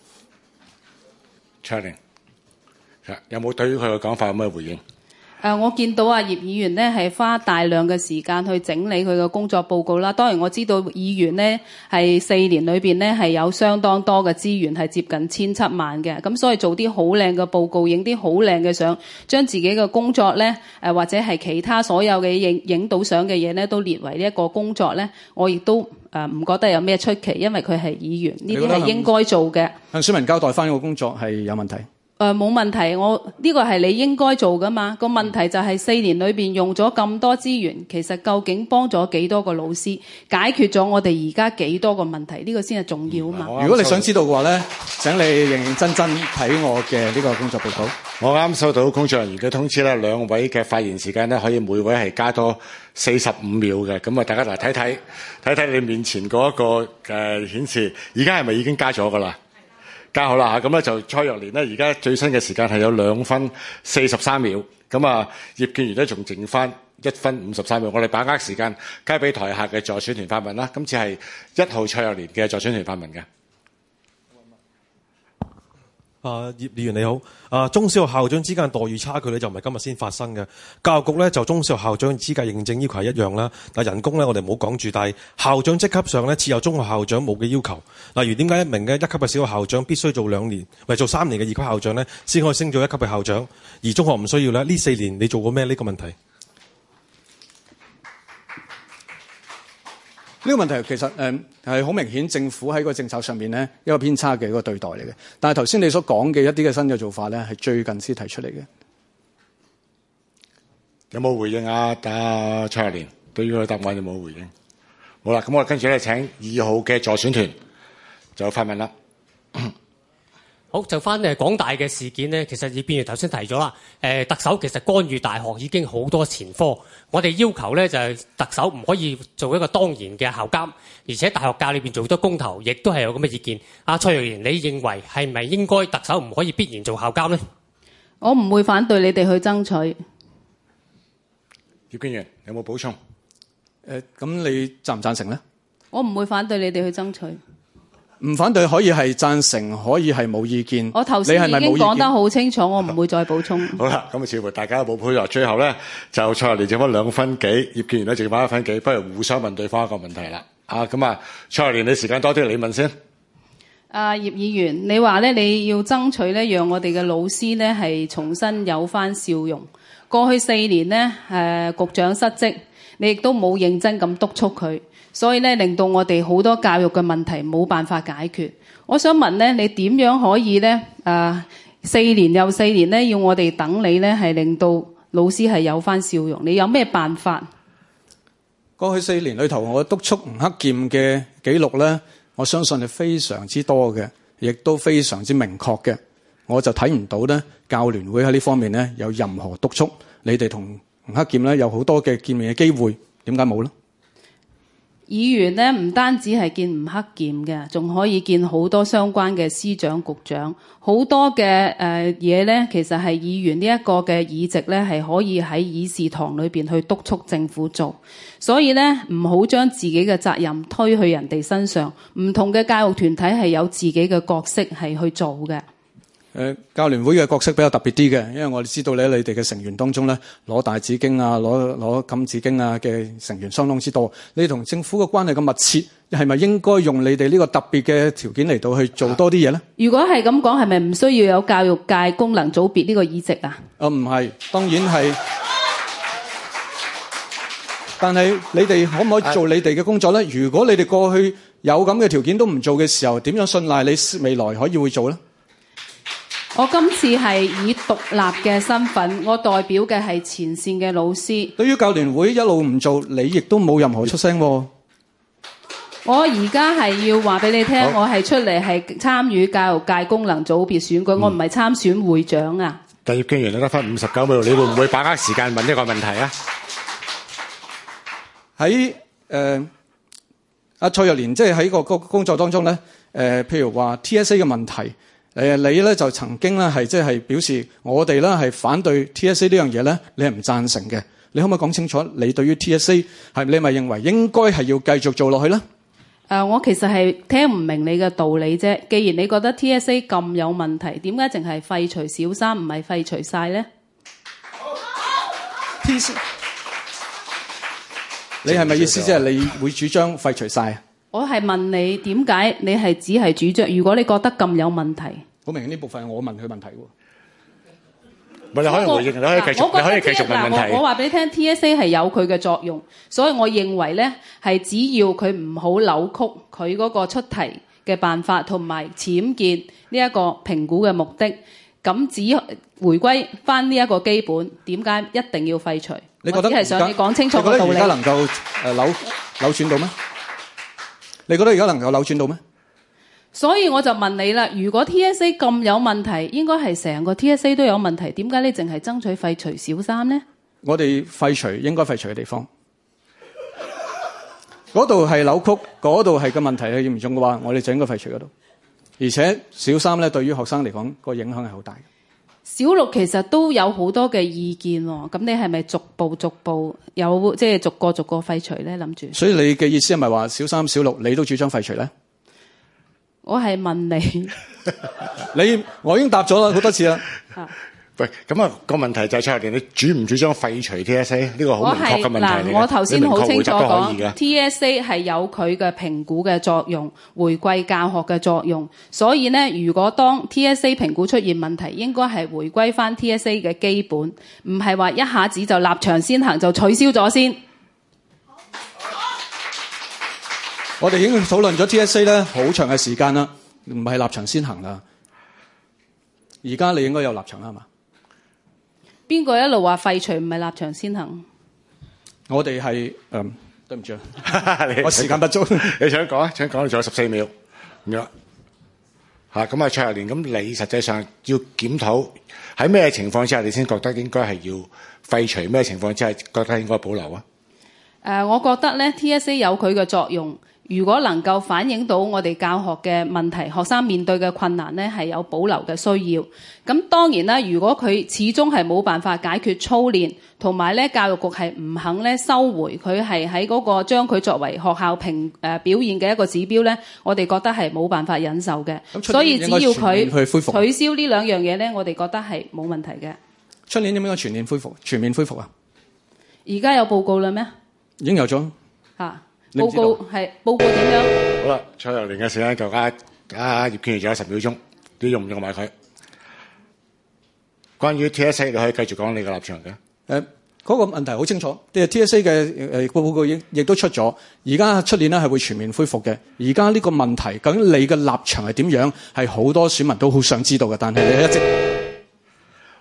[SPEAKER 2] 蔡若蓮，有冇對於佢嘅講法有咩回應？
[SPEAKER 3] 誒，我見到啊葉議員呢係花大量嘅時間去整理佢嘅工作報告啦。當然我知道議員呢係四年裏面呢係有相當多嘅資源係接近千七萬嘅，咁所以做啲好靚嘅報告，影啲好靚嘅相，將自己嘅工作呢，或者係其他所有嘅影影到相嘅嘢呢，都列為呢一個工作呢。我亦都誒唔覺得有咩出奇，因為佢係議員，呢啲係應該做嘅，
[SPEAKER 1] 向市民交代翻個工作係有問題。
[SPEAKER 3] 誒冇、呃、問題，我呢、這個係你應該做㗎嘛。個問題就係四年裏面用咗咁多資源，其實究竟幫咗幾多個老師解決咗我哋而家幾多個問題？呢、這個先係重要的嘛。嗯、如果你想知
[SPEAKER 2] 道嘅話呢，請你認認真真睇我嘅呢個工作報告。我啱收到工作人員嘅通知啦，兩位嘅發言時間咧可以每位係加多四十五秒嘅。咁啊，大家嚟睇睇，睇睇你面前嗰、那個誒顯、呃、示，而家係咪已經加咗㗎啦？家好啦，咁呢就蔡若蓮呢，而家最新嘅時間係有兩分四十三秒，咁啊葉建源咧仲剩返一分五十三秒，我哋把握時間，交俾台下嘅助選團發問啦。今次係一號蔡若蓮嘅助選團發問嘅。
[SPEAKER 1] 啊，葉議員你好。啊，中小學校長之間待遇差距咧，就唔係今日先發生嘅。教育局咧就中小學校長資格認證要求係一樣啦。但人工咧，我哋唔好講住。但係校長職級上咧，設有中學校長冇嘅要求。例、啊、如點解一名嘅一級嘅小學校長必須做兩年，咪做三年嘅二級校長咧，先可以升咗一級嘅校長，而中學唔需要咧。呢四年你做過咩呢個問題？呢個問題其實誒係好明顯，政府喺個政策上面咧一個偏差嘅一個對待嚟嘅。但係頭先你所講嘅一啲嘅新嘅做法咧，係最近先提出嚟嘅。
[SPEAKER 2] 有冇回應啊？啊蔡若蓮對佢嘅答案有冇回應？好啦，咁我哋跟住咧請二號嘅助選團就發問啦。 好，就返嚟廣大嘅事件呢，其實而邊如頭先提咗啦。誒，特首其實干預大學已經好多前科，我哋要求呢，就係特首唔可以做一個當然嘅校監，而且大學教裏邊做咗公投，亦都係有咁嘅意見。阿蔡若蓮，你認為係咪應該特首唔可以必然做校監呢？
[SPEAKER 3] 我唔會反對你哋去爭取。
[SPEAKER 2] 葉建源有冇補充？
[SPEAKER 1] 誒、uh, 咁你贊唔贊成呢？
[SPEAKER 3] 我唔會反對你哋去爭取。
[SPEAKER 2] 唔反對可以係贊成，可以係冇意見。我頭剛先已經講得
[SPEAKER 3] 好清楚， 我唔會再補充。 好
[SPEAKER 2] 啦，咁啊，似乎大家冇補充，就最後咧，就蔡若蓮剩返兩分幾，葉建源咧剩返一分幾，不如互相問對方一個問題啦。啊的，咁啊，蔡若蓮你時間多啲，你問先。
[SPEAKER 3] 啊，葉議員，你話咧你要爭取咧，讓我哋嘅老師咧係重新有翻笑容。過去四年咧，誒、啊，局長失職，你亦都冇認真咁督促佢。所以咧，令到我哋好多教育嘅問題冇辦法解決。我想問咧，你點樣可以咧？呃，四年又四年咧，要我哋等你咧，係令到老師係有翻笑容。你有咩辦法？
[SPEAKER 1] 過去四年裏頭，我督促吳克儉嘅記錄咧，我相信係非常之多嘅，亦都非常之明確嘅。我就睇唔到咧，教聯會喺呢方面咧有任何督促。你哋同吳克儉咧有好多嘅見面嘅機會，點解冇咧？
[SPEAKER 3] 議員呢唔單止係見吳克儉嘅，仲可以見好多相關嘅司長、局長，好多嘅嘢呢，其實係議員呢一個嘅議席呢，係可以喺議事堂裏面去督促政府做。所以呢，唔好將自己嘅責任推去人哋身上。唔同嘅教育團體係有自己嘅角色係去做嘅。
[SPEAKER 1] 誒，教聯會嘅角色比較特別啲嘅，因為我哋知道咧，你哋嘅成員當中咧，攞大紫荊啊，攞攞金紫荊啊嘅成員相當之多。你同政府嘅關係咁密切，係咪應該用你哋呢個特別嘅條件嚟到去做多啲嘢咧？
[SPEAKER 3] 如果係咁講，係咪唔需要有教育界功能組別呢個議席啊？
[SPEAKER 1] 啊唔係，當然係。但係你哋可唔可以做你哋嘅工作咧？如果你哋過去有咁嘅條件都唔做嘅時候，點樣信賴你未來可以會做咧？
[SPEAKER 3] 我今次係以獨立嘅身份，我代表嘅係前線嘅老師。
[SPEAKER 1] 對於教聯會一路唔做，你亦都冇任何出聲。
[SPEAKER 3] 我而家係要話俾你聽，哦、我係出嚟係參與教育界功能組別選舉，嗯、我唔係參選會長啊！
[SPEAKER 2] 葉建源，你得返五十九秒，你會唔會把握時間問一個問題啊？喺誒阿蔡若蓮，即係喺個個工作當中咧，
[SPEAKER 1] 誒、呃、譬如話 TSA 嘅問題。誒你咧就曾經咧係即係表示我哋咧係反對 TSA 呢樣嘢咧，你係唔贊成嘅？你可唔可以講清楚你對於 TSA 係你咪認為應該係要繼續做落去咧？
[SPEAKER 3] 誒、呃，我其實係聽唔明你嘅道理啫。既然你覺得 TSA 咁有問題，點解淨係廢除小三唔係廢除晒咧？好 TSA
[SPEAKER 1] 你係咪意思即係你會主張廢除晒？
[SPEAKER 3] 我係問你點解你係只係主張？如果你覺得咁有問題。好明顯，呢部分我問佢問題喎。
[SPEAKER 2] 唔係你可以回應，你可以繼續，你可以繼續問問題。我話
[SPEAKER 3] 俾你聽，TSA 係有佢嘅作用，所以我認為咧，係只要佢唔好扭曲佢嗰個出題嘅辦法同埋僭建呢一個評估嘅目的，咁只回歸返呢一個基本，點解一定要廢除？你覺得係想你講清楚道理？你覺得而家能
[SPEAKER 1] 夠誒扭扭轉到咩？你覺得而家能夠扭轉到咩？
[SPEAKER 3] 所以我就問你啦，如果 TSA 咁有問題，應該係成個 TSA 都有問題，點解你淨係爭取廢除小三呢？
[SPEAKER 1] 我哋廢除應該廢除嘅地方，嗰度係扭曲，嗰度係個問題係嚴重嘅話，我哋就應該廢除嗰度。而且小三咧對於學生嚟講個影響係好大。
[SPEAKER 3] 小六其實都有好多嘅意見喎，咁你係咪逐步逐步有即係、就是、逐個逐個廢除咧？諗住。所
[SPEAKER 1] 以你嘅意思係咪話小三、小六你都主張廢除咧？
[SPEAKER 3] 我係問你，
[SPEAKER 2] 你我已經答咗啦，好多次啦。 喂，咁、那、啊，個問題就蔡若蓮，你主唔主張廢除 TSA 呢個好明確嘅問題？我係是嗱，我頭先好清楚講
[SPEAKER 3] ，TSA 係有佢嘅評估嘅作用，回歸教學嘅作用。所以呢，如果當 TSA 評估出現問題，應該係回歸翻 TSA 嘅基本，唔係話一下子就立場先行就取消咗先。
[SPEAKER 1] 我哋已經討論咗 TSA 咧，好長嘅時間啦，唔係立場先行啦。而家你應該有立場啦，係嘛？
[SPEAKER 3] 邊個一路話廢除唔係立場先行？
[SPEAKER 2] 我哋係誒，呃、對唔住， 你我時間不足，你想講啊， 請講，仲有十四秒，咁樣吓。咁啊，蔡若蓮，咁你實際上要檢討喺咩情況之下，你先覺得應該係要廢除，咩情況之下，覺得應該保留啊？
[SPEAKER 3] 誒、呃，我覺得咧 TSA 有佢嘅作用。如果能夠反映到我哋教學嘅問題，學生面對嘅困難呢，係有保留嘅需要。咁當然啦，如果佢始終係冇辦法解決操練，同埋呢教育局係唔肯呢收回佢係喺嗰個將佢作為學校評誒表現嘅一個指標呢，我哋覺得係冇辦法忍受嘅。所以只要佢取消呢兩樣嘢呢，我哋覺得係冇問題嘅。
[SPEAKER 1] 出年應該全面恢復？全面恢復啊！
[SPEAKER 3] 而家有報告啦咩？已經有咗。報告係報
[SPEAKER 2] 告點樣？好啦，蔡若蓮嘅時間夠啦，啊葉建源仲有十秒鐘，你用唔用埋佢？關於 TSA 你可以繼續講你嘅立場嘅。誒、呃，嗰、那個問題好清楚，
[SPEAKER 1] 啲 TSA 嘅誒報告亦亦都出咗，而家出年咧係會全面恢復嘅。而家呢個問題，究竟你嘅立場係點樣？係好多選民都好想知道嘅，但係你一直。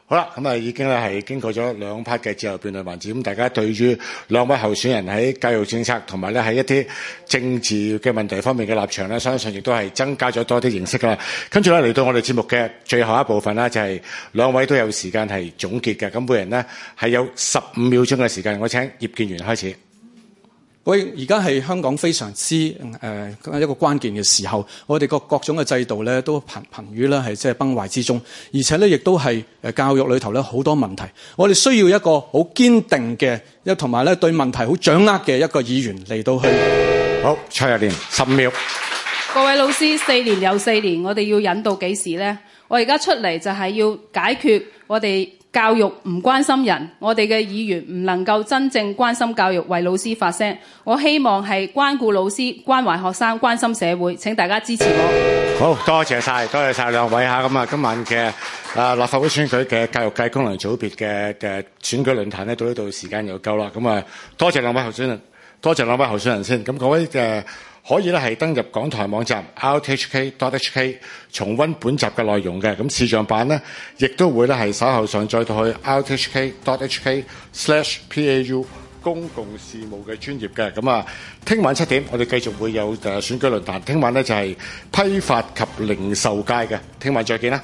[SPEAKER 2] 好啦，咁已經咧係經過咗兩派嘅自由辯論環節。咁大家對於兩位候選人喺教育政策同埋咧喺一啲政治嘅問題方面嘅立場咧，相信亦都係增加咗多啲認識啦。跟住咧嚟到我哋節目嘅最後一部分啦，就係、是、兩位都有時間係總結嘅，咁每人呢係有十五秒鐘嘅時間，我請葉建源開始。我而
[SPEAKER 1] 家係香港非常之呃一個關鍵嘅時候，我哋個各，各種嘅制度咧都頻頻於係即係崩壞之中，而且咧亦都係教育裏頭咧好多問題，我哋需要一個好堅定嘅一，同埋咧對問題好掌握嘅一個議員嚟到去。好，蔡若蓮十秒。
[SPEAKER 3] 各位老師，四年又四年，年，我哋要忍到幾時咧？我而家出嚟就係要解決我哋，教育唔關心人，我哋嘅議員唔能夠真正關心教育，為老師發聲。我希望係關顧老師、關懷學生、關心社會。請大家支持我。
[SPEAKER 2] 好，多謝晒，多謝晒兩位嚇。咁啊，今晚嘅啊立法會選舉嘅教育界功能組別嘅嘅選舉論壇咧，到呢度時間又夠啦。咁啊，多謝兩位候選人，多謝兩位候選人先。咁位嘅。可以咧係登入港台網站 rthk.hk 重溫本集嘅內容嘅，咁視像版咧亦都會咧係稍後上載到去 rthk.hk/pau 公共事務嘅專頁嘅，咁啊，聽晚七點我哋繼續會有誒選舉論壇，聽晚咧就係批發及零售界嘅，聽晚再見啦。